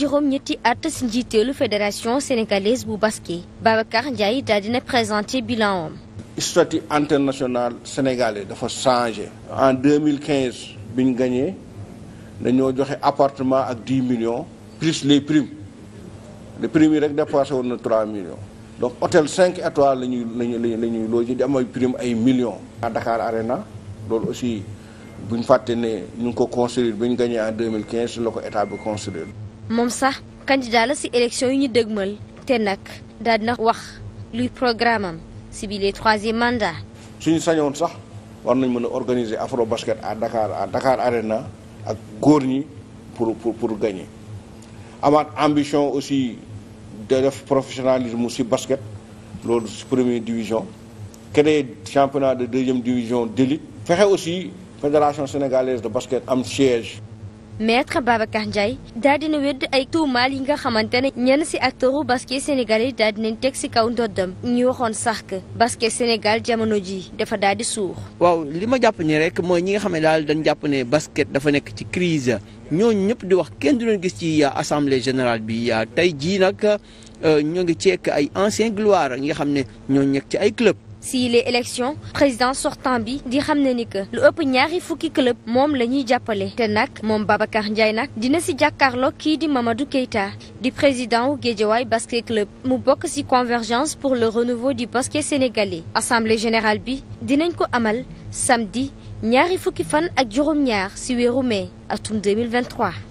juróom-ñetti at si njiiteelu fédération sénégalaise bu basket Babacar Ndiaye daal dina présenté bilan am. statut international sénégalais dafa changé. en deux mille quinze bi ñu gagné dañoo joxe appartement ak dix millions plus les primes les primes yi rek dépassé woon na trois millions. donc hôtel cinq étoiles la ñuy la ñuy la ñuy logé di am ay prime ay millions. à Dakar Arena loolu aussi bu ñu fàtte ne ñu ngi ko construire bi ñu gagné en deux mille la ko état bi construire. moom sax candidat la si élection yi ñu dëgmal te nag daal na wax luy programme si biir troisième mandat. suñu sañoon sax war nañ mën a organiser afro basket à Dakar à Dakar Arena ak góor ñi pour pour pour gagner amaat ambition aussi de def professionnalisme si basket loolu si première division créer championnat de deuxième division d'élite fexe aussi fédération sénégalaise de basket am siège. maître Babacar Ndiaye daal dina wedd ay tuumaal yi nga xamante ne ñenn ci acteuru basket sénégalais daal dinañ teg si kaw ndoddam ñu waxoon sax que basket Sénégal jamono ji dafa daadi di suux. waaw li ma jàpp ni rek mooy ñi nga xam ne daal dañ jàpp ne basket dafa nekk ci crise ñooñu ñëpp di wax kenn du leen gis ci euh, assemblée générale bi euh, tey jii nag euh, ñoo ngi ceek ay ancien gloire ñi nga xam ne ñoo nekk ci ay club si les élections président sortant bi di xam na ni que lu ëpp ñaari fukki club moom la ñuy jàppale te nag moom Babacar Ndiaye nag dina si jàkkaarloo kii di mamadu Keita di président wu Guédiawaye basket club mu bokk si convergence pour le renouveau du basket sénégalais assemblée générale bi dinañ ko amal samedi ñaari fukki fan ak juróom-ñaar si weeru mai atum 2023